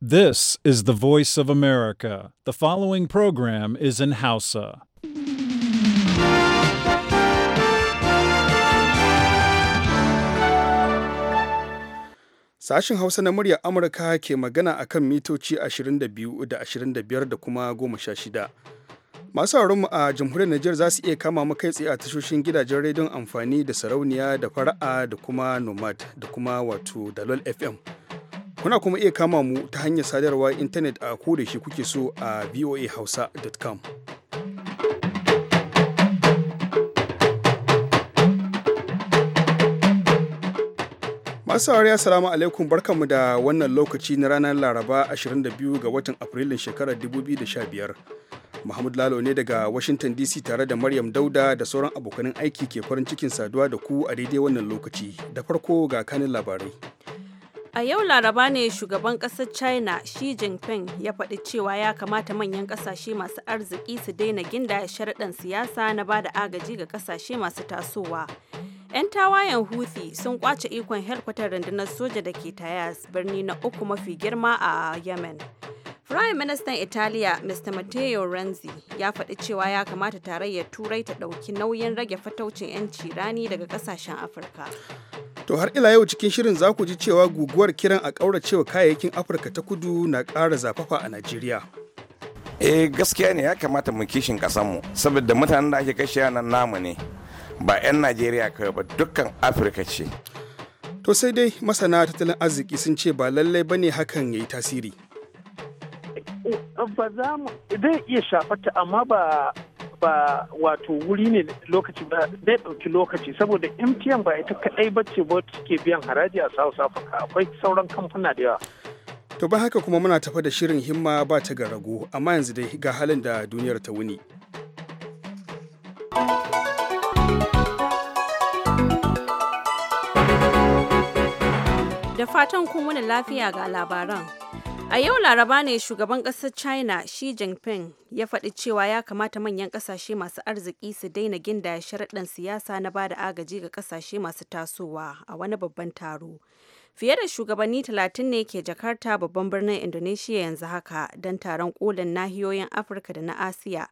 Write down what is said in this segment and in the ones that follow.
This is the voice of America. The following program is in Hausa. Sashen Hausa na muryar Amurka ke magana a kan mitoci 22 da 25 da kuma 16. Masu mu a jamhuriyar Najeriya za su iya kama mu tsaye a tashoshin gidajen rediyon amfani da sarauniya da fara'a da kuma nomad da kuma wato dalol FM. Kuna kuma iya kama mu ta hanyar sadarwar intanet a ko shi kuke so a voahausa.com. Masu saurari assalamu alaikum barkanmu da wannan lokaci na ranar Laraba 22 ga watan Afrilun shekarar 2015. Muhammad Lalo ne daga Washington DC tare da Maryam Dauda da sauran abokanan aiki ke farin cikin saduwa da ku a daidai wannan lokaci. Da farko ga kanin labarai. A yau Laraba ne shugaban ƙasar China Xi Jinping ya faɗi cewa ya kamata manyan ƙasashe masu arziki su daina ginda sharaɗin siyasa na ba da agaji ga ƙasashe masu tasowa. 'Yan tawayen Houthi sun kwace ikon helkwatar rundunar soja da ke Tayas birni na uku mafi girma a Yemen. Prime Minister Italiya Mr. Matteo Renzi ya faɗi cewa ya kamata tarayyar Turai ta ɗauki nauyin rage fataucin 'yanci rani daga ƙasashen Afirka. To har ila yau cikin shirin za ku ji cewa guguwar kiran a ƙauracewa kayayyakin Afirka ta kudu na ƙara zafafa a Najeriya. eh gaskiya ne ya kamata mu kishin mu saboda mutanen da ake kashe nan namu ne ba 'yan najeriya kawai ba dukkan afirka ce to sai dai masana tattalin arziki sun ce ba lallai ba ne hakan ya yi tasiri eh, ba za mu zai iya shafata amma ba ba wato wuri ne lokaci ba zai ɗauki lokaci saboda mtn ba ita kaɗai ba ce ba ke biyan haraji a south africa akwai sauran kamfuna da yawa to ba haka kuma muna tafa da shirin himma ba ta ga rago amma yanzu dai ga halin da duniyar ta wuni da fatan kun wani lafiya ga labaran A yau Laraba ne shugaban ƙasar China Xi Jinping ya faɗi cewa ya kamata manyan ƙasashe masu arziki su daina ginda sharaɗin siyasa na ba da agaji ga ƙasashe masu tasowa a wani babban taro. Fiye da shugabanni talatin ne ke Jakarta babban birnin Indonesia yanzu haka don taron ƙolin nahiyoyin Afirka da na Asiya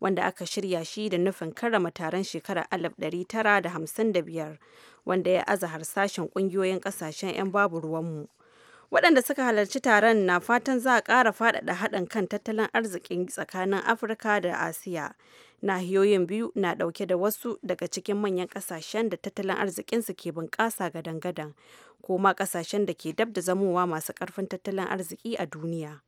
wanda aka shirya shi da nufin karrama taron shekarar 1955 wanda ya aza harsashen ƙungiyoyin ƙasashen 'yan babu ruwanmu. waɗanda suka halarci taron na fatan za a ƙara faɗaɗa haɗin kan tattalin arzikin tsakanin afirka da asiya nahiyoyin biyu na ɗauke da wasu daga cikin manyan ƙasashen da tattalin arzikinsu ke bunƙasa gadangadan, gadan ko ma ƙasashen da ke dab da zamowa masu ƙarfin tattalin arziki a duniya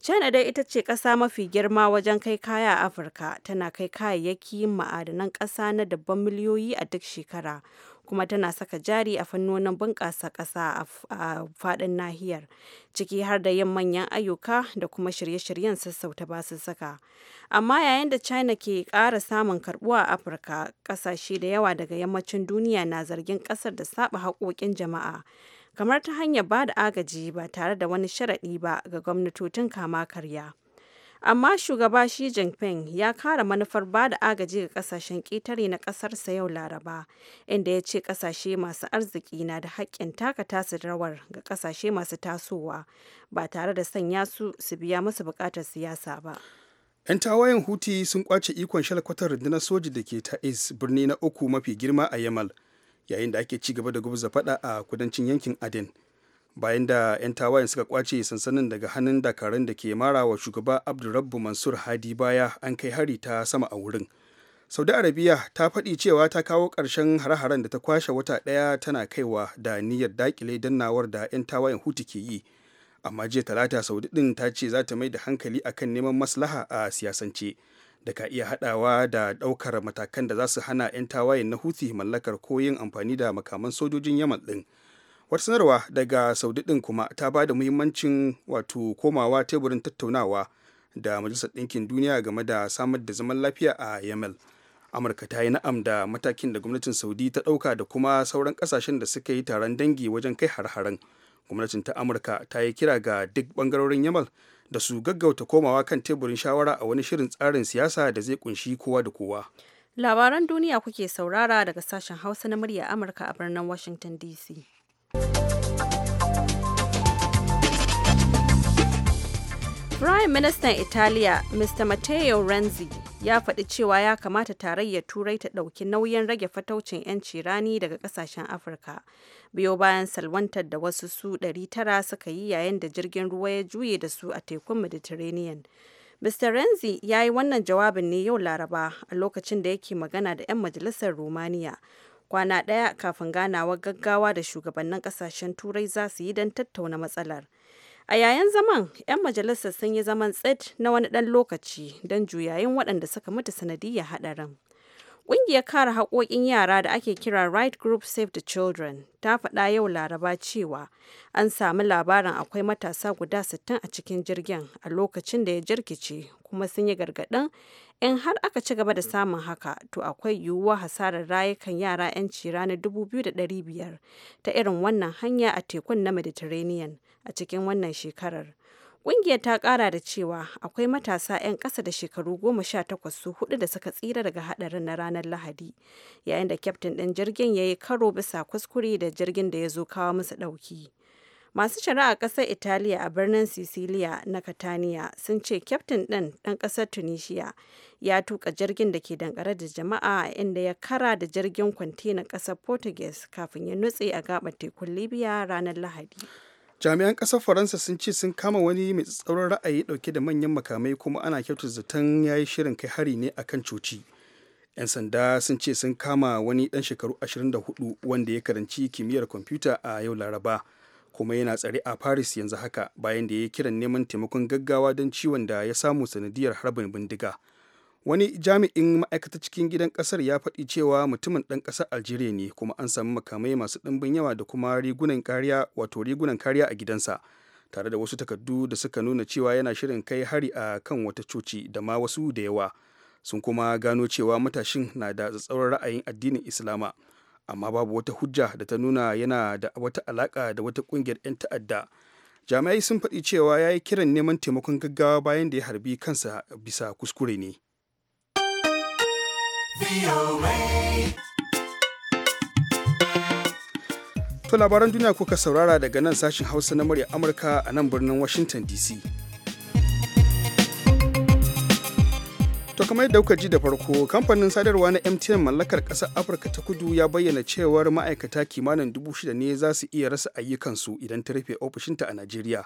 china dai ita ce ƙasa mafi girma wajen kai kaya a afirka tana kai kayayyaki ma'adanan ƙasa na dabban miliyoyi a duk shekara kuma tana saka jari a fannonin bunƙasa ƙasa a faɗin nahiyar ciki har da yin manyan ayyuka da kuma shirye-shiryen sassauta basussuka amma yayin da china ke ƙara samun karɓuwa a afirka ƙasashe da yawa daga yammacin duniya na zargin ƙasar da saba haƙoƙin jama'a kamar ta hanyar ba da agaji ba tare da wani sharaɗi ba ga gwamnatocin kama karya amma shugaba Xi Jinping ya kara manufar ba da agaji ga kasashen ƙetare na ƙasarsa yau Laraba, inda ya ce ƙasashe masu arziki na da haƙƙin taka tasu rawar ga ƙasashe masu tasowa ba tare da sanya su su biya masu buƙatar siyasa ba. 'Yan tawayen Huti sun kwace ikon shalkwatar rundunar soji da ke ta is birni na uku mafi girma a Yamal, yayin da ake ci gaba da gubza faɗa a kudancin yankin Aden. bayan da 'yan tawayen suka kwace sansanin daga hannun dakarun da ke marawa shugaba abdurrabbu mansur hadi baya an kai hari ta sama a wurin saudi arabiya ta faɗi cewa ta kawo ƙarshen hare-haren da ta kwashe wata ɗaya tana kaiwa da niyyar dakile dannawar da 'yan tawayen huti ke yi amma jiya talata saudi ɗin ta ce za ta mai da hankali akan neman maslaha a siyasance da ka iya haɗawa da ɗaukar matakan da za su hana 'yan tawayen na huti mallakar ko yin amfani da makaman sojojin yaman ɗin wata sanarwa daga saudi din kuma ta ba da muhimmancin wato komawa teburin tattaunawa da majalisar ɗinkin duniya game da samar da zaman lafiya a yamal amurka ta yi na'am da matakin da gwamnatin saudi ta ɗauka da kuma sauran ƙasashen da suka yi taron dangi wajen kai har-haren gwamnatin ta amurka ta yi kira ga duk ɓangarorin yamal da su gaggauta komawa kan teburin shawara a wani shirin tsarin siyasa da zai kunshi kowa da kowa labaran duniya kuke saurara daga sashen hausa na murya amurka a birnin washington dc Prime Minister Italiya Mr. Matteo Renzi ya faɗi cewa ya kamata tarayyar Turai ta ɗauki nauyin rage fataucin 'yanci rani daga ƙasashen Afirka. Biyo bayan salwantar da wasu su 900 suka yi yayin da jirgin ruwa ya juye da su a tekun Mediterranean. Mr. Renzi ya yi wannan jawabin ne yau Laraba a lokacin da yake magana da 'yan majalisar Romania kwana ɗaya kafin ganawar gaggawa da shugabannin ƙasashen turai za su yi don tattauna matsalar a yayin zaman 'yan majalisar sun yi zaman tsit na wani ɗan lokaci don juyayin waɗanda suka mutu sanadiyar haɗarin Ƙungiyar kare haƙoƙin yara da ake kira Right Group Save the Children ta faɗa yau Laraba cewa an sami labarin akwai matasa guda 60 a cikin jirgin a lokacin da ya jirkice kuma sun yi gargaɗin in har aka ci gaba da samun haka to akwai yiwuwar hasarar rayukan yara 'yanci ranar 2,500 ta irin wannan hanya a tekun na Mediterranean a cikin wannan shekarar. Ƙungiyar ta ƙara da cewa akwai matasa 'yan ƙasa da shekaru goma sha takwas su hudu da suka tsira daga haɗarin na ranar Lahadi, yayin da kyaftin ɗin jirgin ya yi karo bisa kuskure da jirgin da ya zo kawo musu ɗauki. Masu shari'a ƙasar Italiya a birnin Sicilia na Catania sun ce kyaftin ɗin ɗan ƙasar Tunisia ya tuka jirgin da ke dankare da jama'a inda ya kara da jirgin kwantena ƙasar Portuguese kafin ya nutse a gaɓar tekun Libya ranar Lahadi. jami'an ƙasar faransa sun ce sun kama wani mai tsauran ra'ayi ɗauke da manyan makamai kuma ana kyautar zaton ya yi shirin kai hari ne akan coci 'yan sanda sun ce sun kama wani ɗan shekaru 24 wanda ya karanci kimiyyar kwamfuta a yau laraba kuma yana tsare a paris yanzu haka bayan da ya yi kiran neman taimakon gaggawa don ciwon da ya samu sanadiyar harbin bindiga wani jami'in ma'aikata cikin gidan kasar ya faɗi cewa mutumin ɗan ƙasar algeria ne kuma an samu makamai masu ɗimbin yawa da kuma rigunan kariya wato rigunan kariya a gidansa tare da wasu takardu da suka nuna cewa yana shirin kai hari a kan wata coci da ma wasu da yawa sun kuma gano cewa matashin na da tsatsauran ra'ayin addinin islama amma babu wata hujja da ta nuna yana da wata alaƙa da wata ƙungiyar 'yan ta'adda jami'ai sun faɗi cewa ya yi kiran neman taimakon gaggawa bayan da ya harbi kansa bisa kuskure ne To labaran duniya kuka saurara daga nan sashin Hausa na murya Amurka a nan birnin Washington DC. To kamar yadda kuka ji da farko, kamfanin sadarwa na MTN mallakar ƙasar Afirka ta kudu ya bayyana cewar ma'aikata kimanin dubu shida ne za su iya rasa ayyukansu idan ta rufe ofishinta a Najeriya,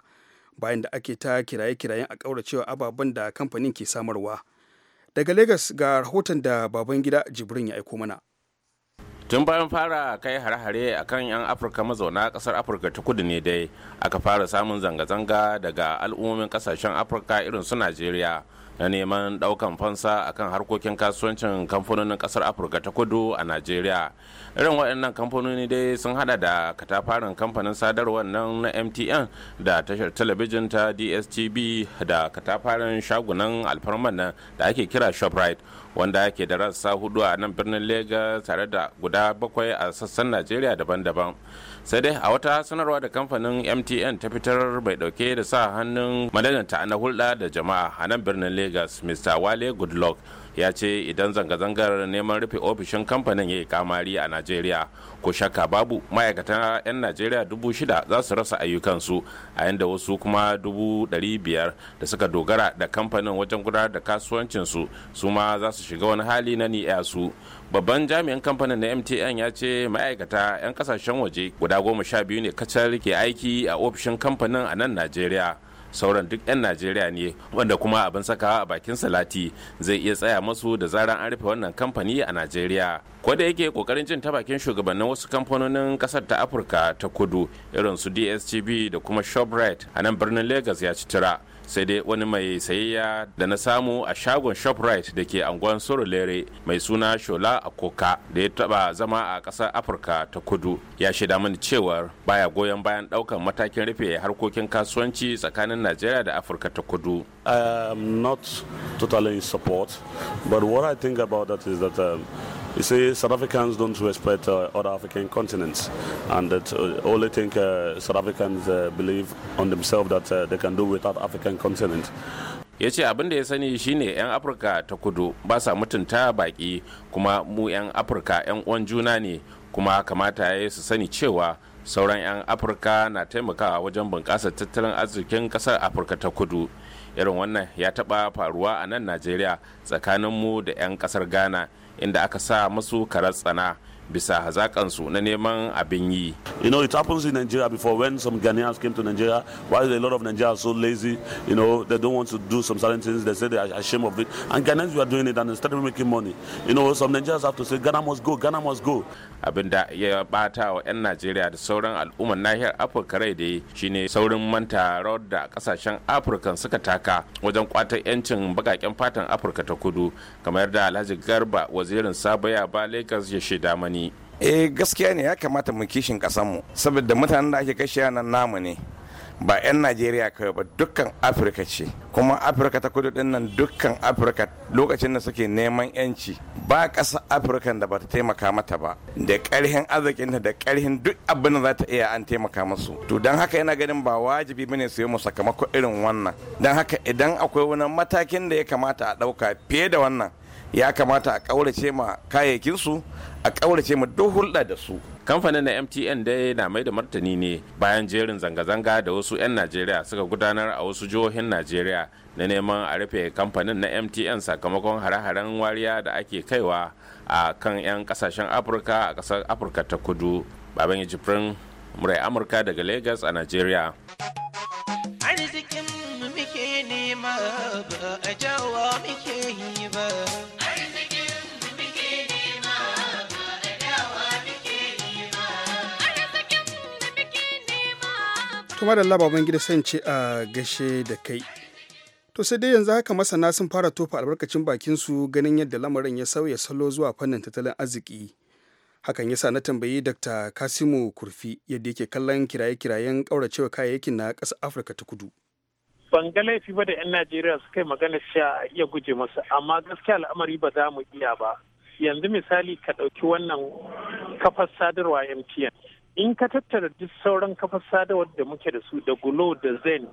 bayan da ake ta kiraye-kirayen a ƙauracewa ababen da kamfanin ke samarwa. daga Legas ga rahoton da baban gida jibrin ya aiko mana tun bayan fara kai hare-hare a kan 'yan afirka mazauna ƙasar afirka ta kudu ne dai aka fara samun zanga-zanga daga al'ummomin ƙasashen afirka irin su najeriya na neman daukan fansa a kan harkokin kasuwancin kamfanonin kasar afirka ta kudu a nigeria irin waɗannan kamfanoni dai sun hada da katafaren kamfanin sadarwar nan na mtn da tashar talabijin ta dstv da katafaren shagunan alfarman da ake kira shoprite wanda yake da rassa hudu a nan birnin Legas tare da guda bakwai a sassan Najeriya daban-daban. Sai dai a wata sanarwa da kamfanin MTN ta fitar bai dauke da sa hannun madadanta na hulɗa da jama'a a nan birnin Legas Mr. Wale Goodluck ya ce idan zanga-zangar neman rufe ofishin kamfanin ya yi kamari a najeriya ko shakka babu ma'aikatan 'yan najeriya dubu shida za su rasa ayyukansu a yadda wasu kuma dubu dari biyar da suka dogara da kamfanin wajen gudanar da kasuwancinsu su ma za su shiga wani hali na ni'a su babban jami'in kamfanin na mtn ya ce ma'aikata 'yan kasashen waje guda goma sha biyu ne kacal ke aiki a ofishin kamfanin a nan najeriya sauran duk 'yan najeriya ne wanda kuma abin sakawa a bakin salati zai iya tsaya masu da zaran an rufe wannan kamfani a najeriya ko da yake kokarin jin ta bakin shugabannin wasu kamfanonin kasar ta afirka ta kudu irin su dstv da kuma shoprite a nan birnin legas ya ci tira sai dai wani mai sayayya da na samu a shagon shoprite da ke anguwan sorolere mai suna shola a koka da ya taba zama a ƙasar afirka ta kudu ya shaida mini cewar baya goyon bayan ɗaukan matakin rufe harkokin kasuwanci tsakanin najeriya da afirka ta kudu I am not totally in support, but what I think about that is that um, You see, South Africans don't respect uh, other African continents, and that uh, only think uh, South Africans uh, believe on themselves that uh, they can do without African continent. ya ce abin da ya sani shine 'yan afirka ta kudu ba sa mutunta baƙi kuma mu 'yan afirka 'yan uwan juna ne kuma kamata ya su sani cewa sauran 'yan afirka na taimakawa wajen bunƙasa tattalin arzikin ƙasar afirka ta kudu irin wannan ya taɓa faruwa a nan najeriya tsakanin mu da 'yan ƙasar ghana inda aka sa musu karar tsana bisa hazakansu na neman abin yi. You know, it happens in Nigeria before when some Ghanaians came to Nigeria. Why is a lot of Nigerians so lazy? You know, they don't want to do some certain things. They say they are ashamed of it. And Ghanaians were doing it and instead of making money. You know, some Nigerians have to say, Ghana must go, Ghana must go. Abin da ya bata wa 'yan Najeriya da sauran al'ummar nahiyar Afirka rai da shine saurin manta rawar da kasashen Afirka suka taka wajen kwatar 'yancin bakaken fatan Afirka ta kudu kamar da Alhaji Garba wazirin Sabaya ba Lagos ya shaida mani. eh gaskiya ne ya kamata mu kishin kasanmu saboda mutanen da ake kashe nan namu ne ba 'yan najeriya kawai ba dukkan afirka ce kuma afirka ta kudu din nan dukkan afirka lokacin da suke neman yanci ba kasa afirka da ba ta taimaka mata ba da ƙarhin arzikinta da ƙarhin duk abin da za ta iya an taimaka musu to don haka yana ganin ba wajibi ne su yi mu sakamako irin wannan don haka idan akwai wani matakin da ya kamata a ɗauka fiye da wannan ya kamata a ƙaurace ma kayayyakinsu a ƙaurace ma duk hulɗa da su kamfanin na mtn dai na mai da martani ne bayan jerin zanga-zanga da wasu 'yan najeriya suka gudanar a wasu jihohin najeriya na neman a rufe kamfanin na mtn sakamakon hare-haren wariya da ake kaiwa a kan 'yan kasashen afirka a kasar afirka ta kudu baban jibrin murai amurka daga lagos a najeriya arzikin muke nema ba a jawa muke yi ba to madalla baban gida ce a gashe da kai to sai dai yanzu haka masana sun fara tofa albarkacin bakin su ganin yadda lamarin ya sauya salo zuwa fannin tattalin arziki hakan yasa na tambayi dr kasimu kurfi yadda yake kallon kiraye-kirayen kauracewa kayayyakin na ƙasa afirka ta kudu ban ga laifi ba da 'yan najeriya su kai magana sha iya guje masu amma gaskiya al'amari ba za mu iya ba yanzu misali ka ɗauki wannan kafar sadarwa mtn in ka tattara duk sauran kafar sadarwar da muke da su da gulo da zen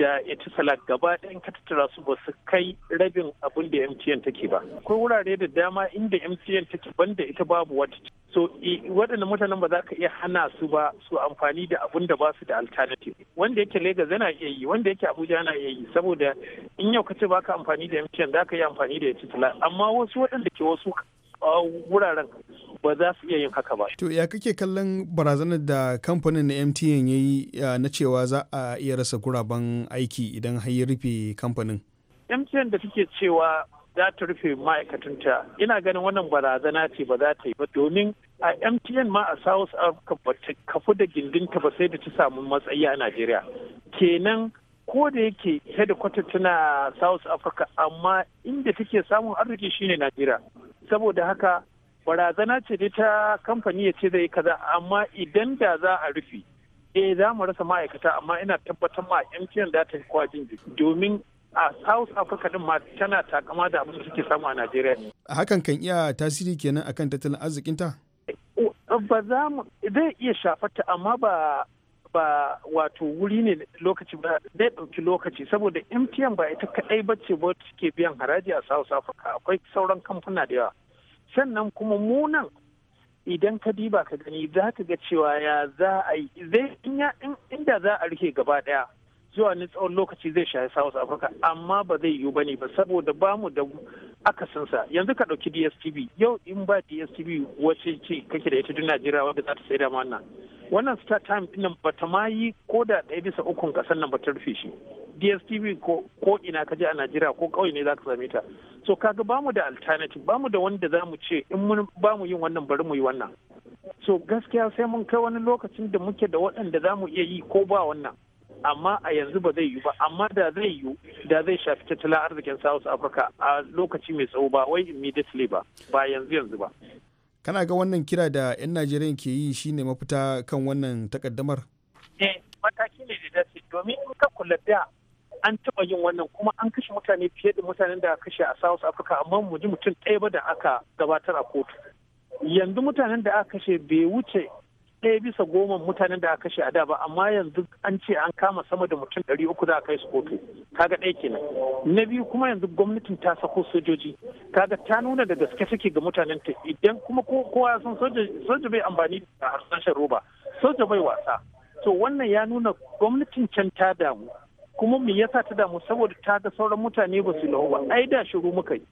da etisala gaba ɗayan ka tattara su ba su kai rabin abin da mtn take ba akwai wurare da dama inda mtn take banda ita babu wata so waɗannan mutanen ba za ka iya hana su ba su amfani da abin da ba su da alternative wanda yake lagos yana iya yi wanda yake abuja yana iya yi saboda in yau ka ce ba ka amfani da mtn za ka yi amfani da etisala amma wasu waɗanda ke wasu wuraren ba za su iya yin haka ba. To ya kake kallon barazanar da kamfanin na MTN ya yi na cewa za a iya rasa guraben aiki idan har ya rufe kamfanin? MTN da take cewa za ta rufe ma'aikatanta ina ganin wannan barazana ce ba za ta yi ba domin a MTN ma a South Africa ba ta kafu da gindinta ba sai da ta samu matsayi a Najeriya. Kenan ko da yake headquarter tana South Africa amma inda take samun arziki shine Najeriya. Saboda haka barazana ce dai ta kamfani ya ce zai kaza amma idan da za a rufe eh za mu rasa ma'aikata amma ina tabbatar ma MTN da ta kwajin jiki domin a South Africa din ma tana takama da abin da suke samu a Najeriya. Hakan kan iya tasiri kenan akan tattalin arzikinta? Ba za mu zai iya shafata amma ba ba wato wuri ne lokaci ba zai ɗauki lokaci saboda MTN ba ita kaɗai ba ce ba suke biyan haraji a South Africa akwai sauran kamfuna da yawa. sannan kuma munan idan ka diba ka gani za ka ga cewa ya za a yi zai inda za a rike gaba daya zuwa ni tsawon lokaci zai shafi south africa amma ba zai yiwu ne ba saboda ba mu da akasinsa yanzu ka ɗauki dstv yau in ba dstv wacce ce kake da ita duk najeriya wadda za ta sai da wannan wannan star time ɗin ba ta ma yi ko da ɗaya bisa ukun ƙasar nan ba ta rufe shi dstv ko ina ka je a najeriya ko ƙauye ne za ka same ta so kaga bamu da alternative bamu da wanda za mu ce in mun bamu yin wannan bari mu yi wannan so gaskiya sai mun kai wani lokacin da muke da waɗanda za mu iya yi ko ba wannan amma a yanzu ba zai yi ba amma da zai yi da zai shafi tattalin arzikin south africa a lokaci mai tsawo ba wai immediately ba ba yanzu yanzu ba kana ga wannan kira da 'yan najeriya ke yi shine mafita kan wannan takaddamar eh mataki ne da dace domin in ka kula da an taba yin wannan kuma an kashe mutane fiye da mutanen da aka kashe a South Africa amma mu ji mutum ɗaya ba da aka gabatar a kotu. Yanzu mutanen da aka kashe bai wuce ɗaya bisa goma mutanen da aka kashe a da ba amma yanzu an ce an kama sama da mutum ɗari uku za a kai su kotu kaga ɗaya kenan na biyu kuma yanzu gwamnatin ta sako sojoji kaga ta nuna da gaske suke ga mutanen ta idan kuma kowa ya san soja bai amfani da harsashen roba soja bai wasa to wannan ya nuna gwamnatin can ta damu kuma me yasa ta damu saboda ta ga sauran mutane ba su lahu ba ai da shiru muka yi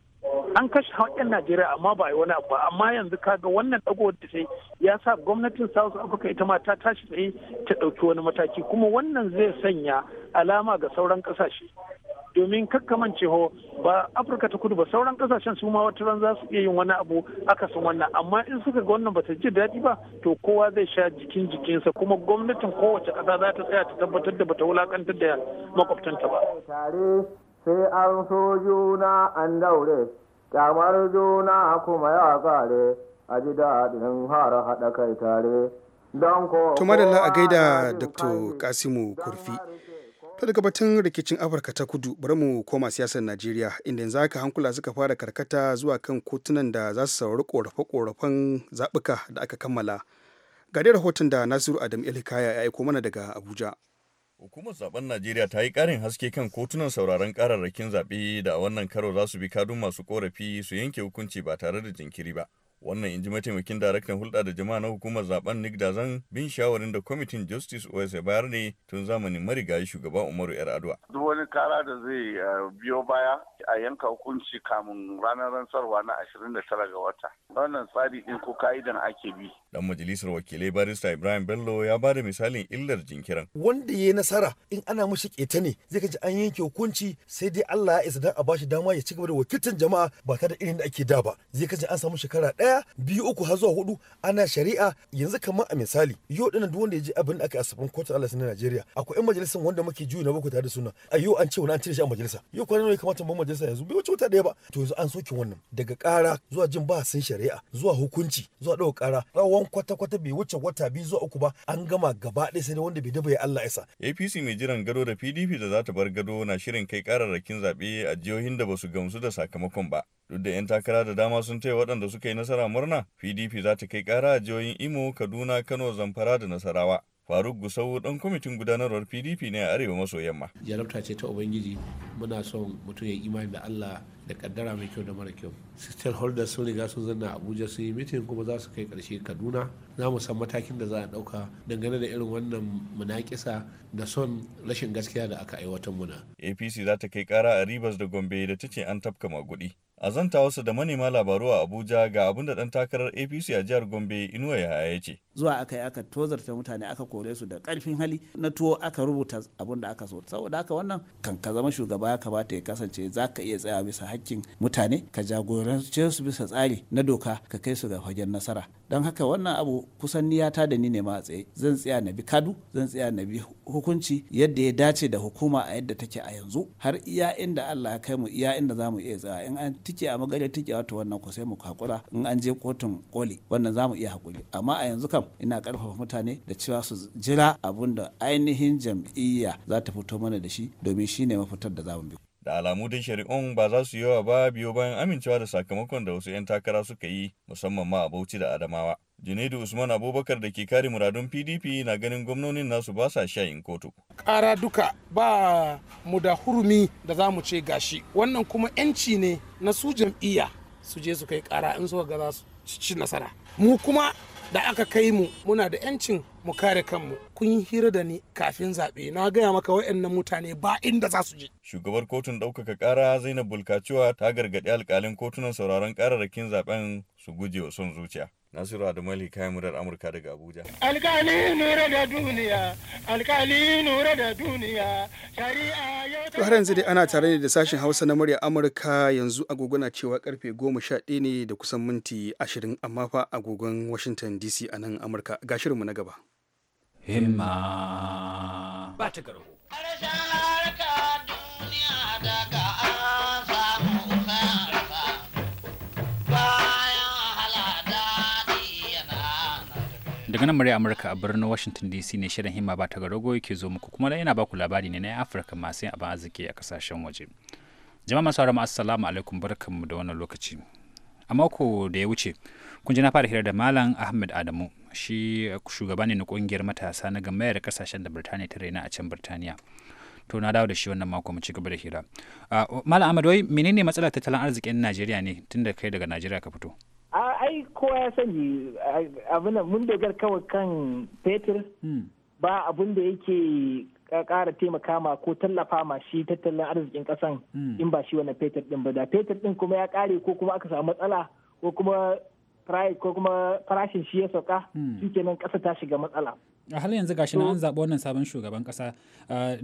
an kashe haƙƙin Najeriya amma ba a yi wani abu ba amma yanzu ka ga wannan dago da ta ya sa gwamnatin South Africa ita ma ta tashi tsaye ta ɗauki wani mataki kuma wannan zai sanya alama ga sauran ƙasashe domin kakkamance ho ba afirka ta kudu ba sauran kasashen su ma wata ran za su iya yin wani abu aka san wannan amma in suka ga wannan ba ta ji daɗi ba to kowa zai sha jikin jikinsa kuma gwamnatin kowace ƙasa za ta tsaya ta tabbatar da ta wulakantar da makwabtanta ba. tare sai an so juna an daure kyamar juna kuma ya kare a ji daɗin har haɗa kai tare. Tuma da a gaida Dr. Kasimu Kurfi. ta daga batun rikicin afirka ta kudu bari mu koma siyasar najeriya inda yanzu haka hankula suka fara karkata zuwa kan kotunan da za su saurari korafe-korafen zaɓuka da aka kammala ga dai rahoton da nasiru adam ilhikaya ya aiko mana daga abuja Hukumar zaben Najeriya ta yi ƙarin haske kan kotunan sauraron kararrakin zaɓe da a wannan karo za su bi kadun masu korafi su yanke hukunci ba tare da jinkiri ba. wannan in ji mataimakin daraktan hulɗa da jama'a na hukumar zaben nick dazan bin shawarin da kwamitin justice os ya bayar ne tun zamanin marigayi shugaban umaru yar aduwa duk wani kara da zai eh, biyo baya a yanka hukunci kamun ranar rantsarwa na 29 ga wata wannan tsari din ko ka'idan ake bi dan majalisar wakilai barista ibrahim bello ya ba da misalin illar jinkirin wanda ya yi nasara in ana mashi keta ne zai kaji an yanke hukunci sai dai allah ya isa dan a bashi dama ya ci gaba da wakiltar jama'a ba ta da irin da ake da ba zai kaji an samu shekara ɗaya daya biyu uku har zuwa hudu ana shari'a yanzu kamar a misali yau ɗin duk wanda ya je abin da aka a asafin kotun Allah na Najeriya akwai 'yan majalisar wanda muke juyi na bakwai tare da suna a yau an ce wani an cire shi a majalisa yau kwanan ne kamata mu majalisa yanzu bai wuce wata daya ba to yanzu an soke wannan daga kara zuwa jin ba sun shari'a zuwa hukunci zuwa ɗaukar kara rawan kwata-kwata bai wuce wata biyu zuwa uku ba an gama gaba ɗaya sai wanda bai daba ya Allah isa. APC mai jiran gado da PDP da za ta bar gado na shirin kai kararrakin zaɓe a jihohin da ba gamsu da sakamakon ba. duk da 'yan takara da dama sun taya waɗanda suka yi nasara murna pdp za ta kai ƙara a jihohin imo kaduna kano zamfara da nasarawa faruk gusau dan kwamitin gudanarwar pdp ne a arewa maso yamma jarabta ce ta ubangiji muna son mutum ya imani da allah da kaddara mai kyau da mara kyau holders sun riga sun zanna abuja sun yi mitin kuma za su kai karshe kaduna za mu san matakin da za a dauka dangane da irin wannan munakisa da son rashin gaskiya da aka aiwatar muna apc za ta kai kara a ribas da gombe da ta ce an tafka magudi A zantawarsa da manema labaru a Abuja ga abin da dan takarar APC a jihar Gombe Inuwa yaya ya ce. Zuwa aka yi aka tozarta mutane aka kore su da karfin hali na tuwo aka rubuta abin da aka so. Saboda haka wannan kan ka zama shugaba ya kamata ya kasance za ka iya tsaya bisa hakkin mutane ka jagorance su bisa tsari na doka ka kai su ga fagen nasara. Don haka wannan abu kusan niyata da ni ne ma tsaye zan tsaya na bi kadu zan tsaya na bi hukunci yadda ya dace da hukuma a yadda take a yanzu har iya inda Allah ya kai mu iya inda za mu iya tsaya in an tike a magana tike wato wannan ku sai mu hakura in an je kotun koli wannan zamu iya hakuri amma a yanzu kam ina karfafa mutane da cewa su jira abun da ainihin jam'iyya za ta fito mana da shi domin shine mafitar da zamu bi da alamu din shari'un ba za su yawa ba biyo bayan amincewa da sakamakon da wasu 'yan takara suka yi musamman ma a Bauchi da Adamawa Junaidu Usman Abubakar da ke kare muradun PDP na ganin gwamnonin nasu ba sa shayin kotu. Kara duka ba mu da hurumi da za mu ce gashi wannan kuma 'yanci ne na su jam'iyya su je su kai kara in suka ga za su ci nasara. Mu kuma da aka kai mu muna da 'yancin mu kare kanmu kun yi hira da ni kafin zaɓe na gaya maka waɗannan mutane ba inda za su je. shugabar kotun ɗaukaka ƙara zainab Bulkaciwa ta gargaɗi alƙalin kotunan sauraron ƙararrakin zaɓen su guje wa son zuciya Nasiru Adamali kayan murar Amurka daga Abuja. Alkali nura da duniya, alkali nura da duniya, shari'a yau ta... Har yanzu dai ana tare da sashen Hausa na murya Amurka yanzu agogona cewa karfe goma sha ɗaya ne da kusan minti ashirin amma fa agogon Washington DC a nan Amurka. Ga shirinmu na gaba. Himma ba ta garo. duniya da daga nan murya amurka a birnin washington dc ne shirin himma ba ta goyi yake zo muku kuma yana baku labari ne na afirka masu yin abin arziki a kasashen waje jama'a masu haramu assalamu alaikum barkanmu da wannan lokaci a mako da ya wuce kun ji na fara hira da malam ahmed adamu shi shugaba ne na kungiyar matasa na gamayar kasashen da birtaniya ta raina a can birtaniya to na dawo da shi wannan mako mu ci gaba da hira malam ahmed wai menene matsalar tattalin arzikin najeriya ne da kai daga najeriya ka fito ai kowa ya sani abin mun dogar kawai kan fetur hmm. ba abin da yake kara taimaka ma ko tallafa ma shi tattalin arzikin kasan hmm. in ba shi wannan fetur din ba da fetur din kuma ya kare ko kuma aka samu matsala ko kuma ko kuma farashin shi ya sauka hmm. shikenan kasa ta shiga matsala a halin yanzu gashi an zaɓi wannan sabon shugaban ƙasa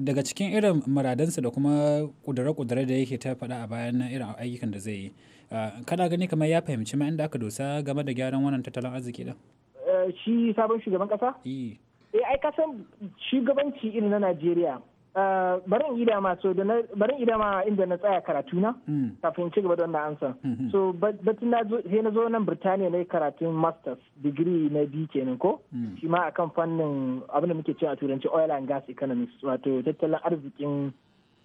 daga cikin irin muradansa da kuma ƙudure-ƙudure da yake ta faɗa a bayan na irin ayyukan da zai yi Eh, kana gani kamar ya fahimci ma inda aka dosa game da gyaran wannan tattalin arziki din eh, shi sabon shugaban kasa eh. eh ai kasan shugabanci irin na Najeriya barin ida ma so da barin ida ma inda na tsaya karatu na hmm. kafin ci gaba da wannan ansa hmm. so batun na zo he na zo nan Birtaniya ne karatun masters degree na biyu kenan ko hmm. shi ma akan fannin abin da muke cewa a turanci oil and gas economics wato tattalin arzikin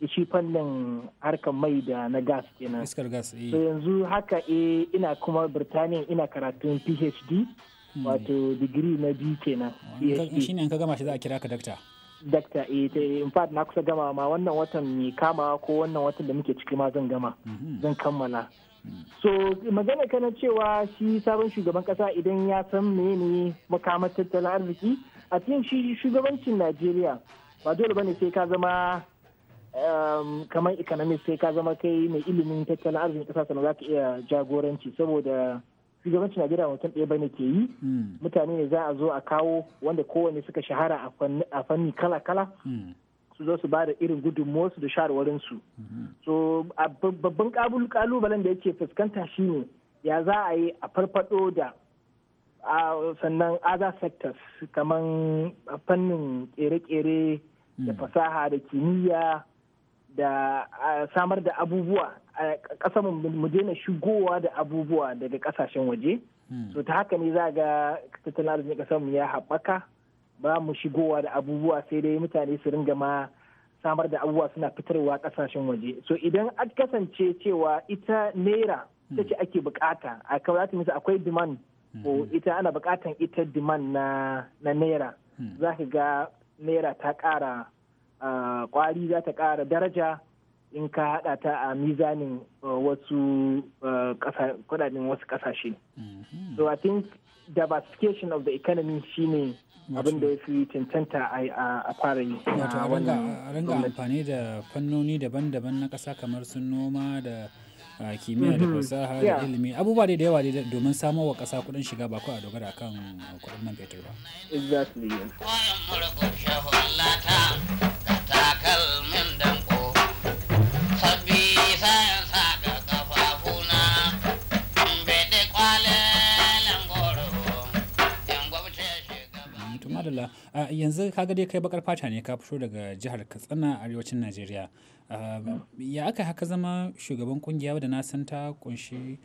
shi fannin harkar mai da na gas kenan iskar gas eh yanzu haka e ina kuma Birtaniya ina karatun PhD hmm. wato digiri na biyu kenan Shi shine an ka gama shi za a kira ka dakta dakta eh in fact na kusa gama ma wannan watan mai kama ko wannan watan da muke ciki ma zan gama hmm. zan kammala hmm. so magana kana cewa shi sabon shugaban kasa idan ya san menene makamar tattalin arziki a cikin shi shugabancin najeriya ba dole bane sai ka zama kamar economist sai ka zama kai mai ilimin tattalin arzikin kasa sannan za ka iya jagoranci saboda na gida mutum ɗaya bane ke yi hmm. mutane ne za a zo a kawo wanda kowane suka shahara a fanni kala-kala hmm. su zo su ba da irin gudunmuwarsu da shawarwarinsu hmm. so babban kalubalen da yake fuskanta shi ne ya za a yi a farfado da sannan other sectors kamar fannin kere-kere da fasaha da kimiyya da samar da abubuwa a ƙasa mu daina shigowa da abubuwa daga ƙasashen waje hmm. so ta haka ne za ga tattalin arzikin ƙasar mu ya haɓaka ba mu shigowa da abubuwa sai dai mutane su ringa ma samar da abubuwa suna fitarwa ƙasashen waje so idan an kasance cewa ita naira hmm. ita ce ake bukata a kawai za akwai demand ko hmm. ita ana bukatan ita demand na naira za ka ga naira ta ƙara kwari za ta kara daraja in ka haɗa ta a mizanin uh, wasu uh, kudaden wasu ƙasashe. Mhm. So I think diversification of the economy shine abin da ya fi cancanta a fara yi. Wato a ringa amfani da fannoni daban-daban na ƙasa kamar su noma da uh, kimiyya da mhm. fasaha da ilimi abubuwa da yawa da domin samo wa ƙasa kuɗin shiga ba kawai a dogara kan kudin man fetur ba. Exactly. madalla yanzu kaga dai kai bakar fata ne ka fito daga jihar katsina arewacin najeriya ya aka haka zama shugaban kungiya da na san ta kunshi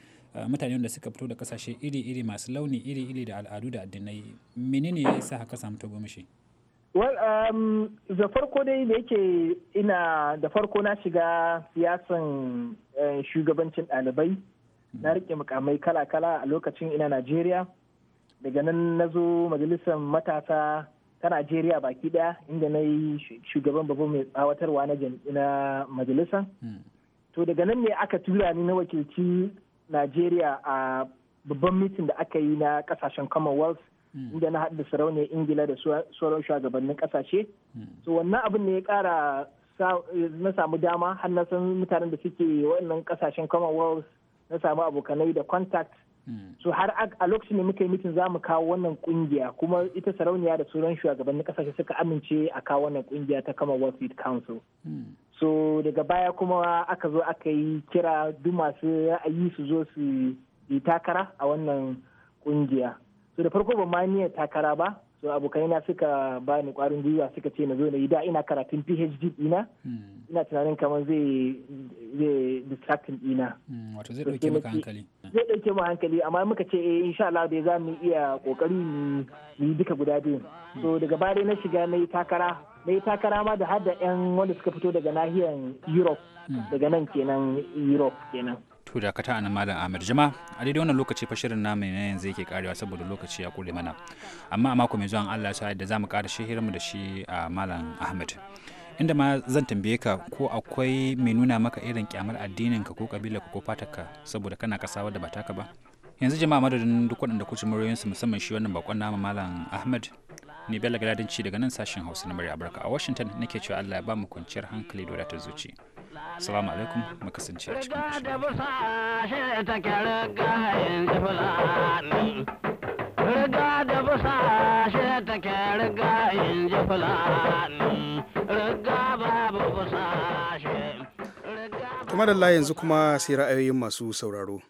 mutane da suka fito da kasashe iri-iri masu launi iri-iri da al'adu da addinai menene ya sa haka samu ta gomishi well um, da farko dai da yake ina da farko na shiga siyasan eh, shugabancin ɗalibai na rike mukamai kala-kala a lokacin ina najeriya daga nan na zo majalisar matasa ta najeriya baki daya inda na yi shugaban babban mai tsawatarwa na majalisar hmm. to daga nan ne aka tura ni na wakilci najeriya a babban mitin da aka yi na kasashen commonwealth hmm. inda na haɗu da sarauniyar ingila da sauran shugabannin kasashe so hmm. wannan abin ne ya ƙara na samu dama har na san mutanen da suke waɗannan kasashen commonwealth na samu abokanai da contact Mm. so har a lokacin da muka yi mitin za mu kawo wannan kungiya kuma ita sarauniya da sauran shugabannin kasashe suka amince a kawo wannan kungiya ta kama world food council mm. so daga baya kuma aka zo aka yi kira duk masu ra'ayi su zo su yi takara a wannan kungiya so da farko ba ma niyyar takara ba so abokaina suka ba ni kwarin gwiwa suka ce na zo na yi da ina karatun phd ina mm. ina tunanin kamar zai zai distracting ina wato zai maka hankali zai ɗauke mu hankali amma muka ce eh insha Allah dai za mu iya kokari mu yi duka guda biyu so daga baya na shiga na yi takara na yi takara ma da hada yan wanda suka fito daga nahiyar Europe hmm. daga nan kenan Europe kenan to da kata anan malam Ahmad Juma a daidai wannan lokaci fa shirin namu ne yanzu yake karewa saboda lokaci ya kule mana amma a mako mai zuwa Allah ya sa da zamu ƙara shirin da shi a ah, malam Ahmad inda ma zan tambaye ka ko akwai mai nuna maka irin kyamar addinin ka ko kabilar ko fataka ka saboda kana kasa da ba taka ba yanzu jama'a madadin duk waɗanda kuci su musamman shi wannan bakon nama malam ahmad ni bella gadadin ci daga nan sashen hausa na murya a washington nake cewa allah ya ba mu kwanciyar hankali da wadatar zuci salamu alaikum mu kasance a cikin da busa shi Tumar da yanzu kuma sai ra'ayoyin masu sauraro.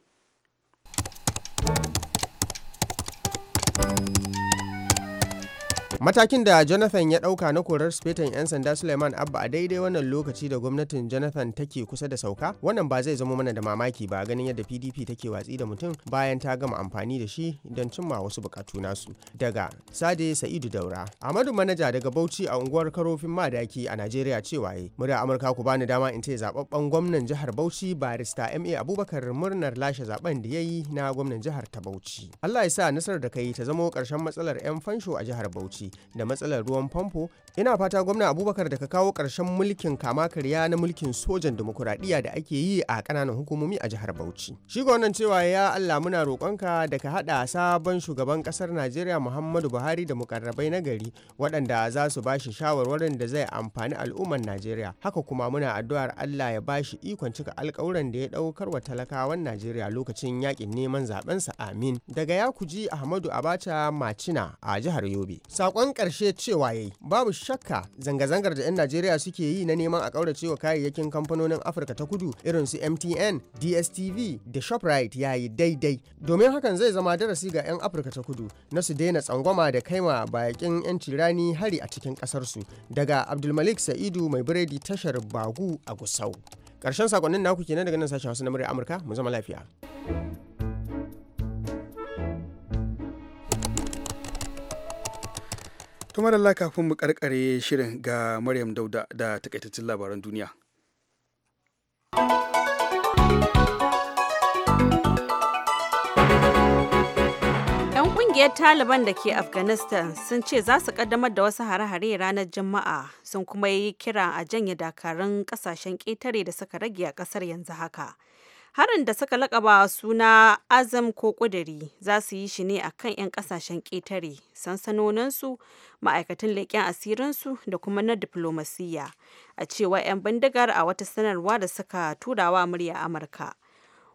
matakin da jonathan ya dauka na korar spetan 'yan sanda suleiman abba a daidai wannan lokaci da gwamnatin jonathan take kusa da sauka wannan ba zai zama mana da mamaki ba ganin yadda pdp take watsi da mutum bayan ta gama amfani da shi don cimma wasu bukatu nasu daga sade sa'idu daura amadu manaja daga bauchi a unguwar karofin madaki a najeriya cewa yi murya amurka ku bani dama in ce zababben gwamnan jihar bauchi barista ma abubakar murnar lashe zaben da ya yi na gwamnan jihar ta bauchi allah ya sa nasarar da kai ta zamo karshen matsalar 'yan fansho a jihar bauchi da matsalar ruwan famfo ina fata gwamna abubakar da ka kawo ƙarshen mulkin kama karya na mulkin sojan demokuraɗiyya da ake yi a ƙananan hukumomi a jihar bauchi shi wannan cewa ya allah muna roƙonka da ka haɗa sabon shugaban ƙasar najeriya muhammadu buhari da mukarrabai na gari waɗanda za su ba shi shawarwarin da zai amfani al'ummar najeriya haka kuma muna addu'ar allah ya ba shi ikon cika alƙawuran da ya ɗaukar wa talakawan najeriya lokacin yaƙin neman zaɓensa amin daga yakuji ahmadu abacha macina a jihar yobe saƙon ƙarshe cewa yayi babu shakka zanga-zangar da 'yan Najeriya suke yi na neman a wa kayayyakin kamfanonin Afirka ta Kudu irin su MTN, DSTV da ShopRite ya yi daidai. Domin hakan zai zama darasi ga 'yan Afirka ta Kudu na su daina tsangwama da kaima bakin 'yanci rani hari a cikin su Daga Abdulmalik Sa'idu mai biredi tashar Bagu a Gusau. karshen sakonnin naku kenan daga nan sashen wasu na murya Amurka mu zama lafiya. Tumar Allah kafin mu karkare shirin ga Maryam Dauda da takaitattun labaran duniya. Yan kungiyar Taliban da ke Afghanistan sun ce za su kaddamar da wasu hare-hare ranar Juma'a sun kuma yi kira a janye dakarun kasashen ƙetare da suka rage a ƙasar yanzu haka. harin da suka lakaba suna azam ko kuduri za su yi shi ne a kan 'yan kasashen ƙetare sansanoninsu ma'aikatan leƙen asirinsu da kuma na diflomasiyya a cewa 'yan bindigar a wata sanarwa da suka turawa murya amurka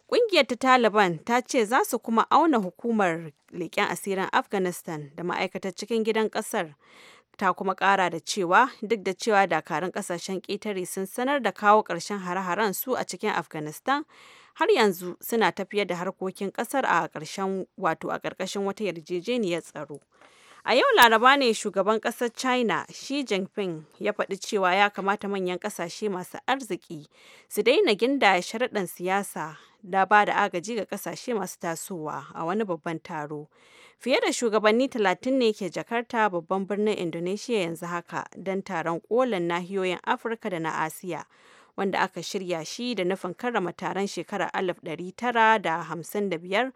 Ƙungiyar ta Taliban ta ce za su kuma auna hukumar leƙen asirin Afghanistan da ma'aikatar cikin gidan ƙasar. Ta kuma ƙara da cewa duk da cewa dakarun ƙasashen ƙetare sun sanar da kawo ƙarshen hare-haren su a cikin Afghanistan, har yanzu suna tafiyar da harkokin kasar a ƙarshen wato a ƙarƙashin wata yarjejeniyar tsaro. A yau Laraba ne shugaban ƙasar China Xi Jinping ya faɗi cewa ya kamata manyan ƙasashe masu arziki su daina ginda sharaɗin siyasa da ba da agaji ga ƙasashe masu tasowa a wani babban taro. Fiye da shugabanni talatin ne ke Jakarta babban birnin indonesiya yanzu haka don taron ƙolin nahiyoyin Afirka da na Asiya wanda aka shirya shi da nufin karrama taron shekarar 1955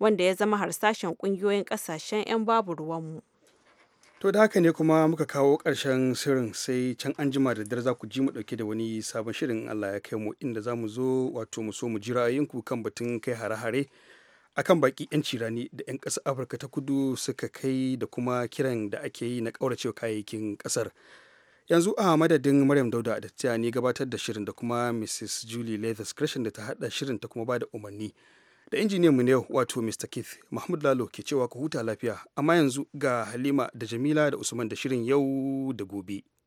wanda ya zama harsashen kungiyoyin kasashen 'yan babu ruwanmu. To da haka ne kuma muka kawo ƙarshen shirin sai can an jima da dare za ku ji mu ɗauke da wani sabon shirin Allah ya kai mu inda za mu zo wato mu so mu jira ra'ayinku kan batun kai hare-hare akan baki 'yanci rani da 'yan ƙasar Afirka ta kudu suka kai da kuma kiran da ake yi na ƙauracewa kayayyakin ƙasar. yanzu a madadin maryam dauda da ta ni gabatar da shirin da kuma mrs julie leathers gresham da ta hada shirin ta kuma bada umarni da injiniyan mu ne wato mr keith mahmud lalo ke cewa ku huta lafiya amma yanzu ga halima da jamila da usman da shirin yau da gobe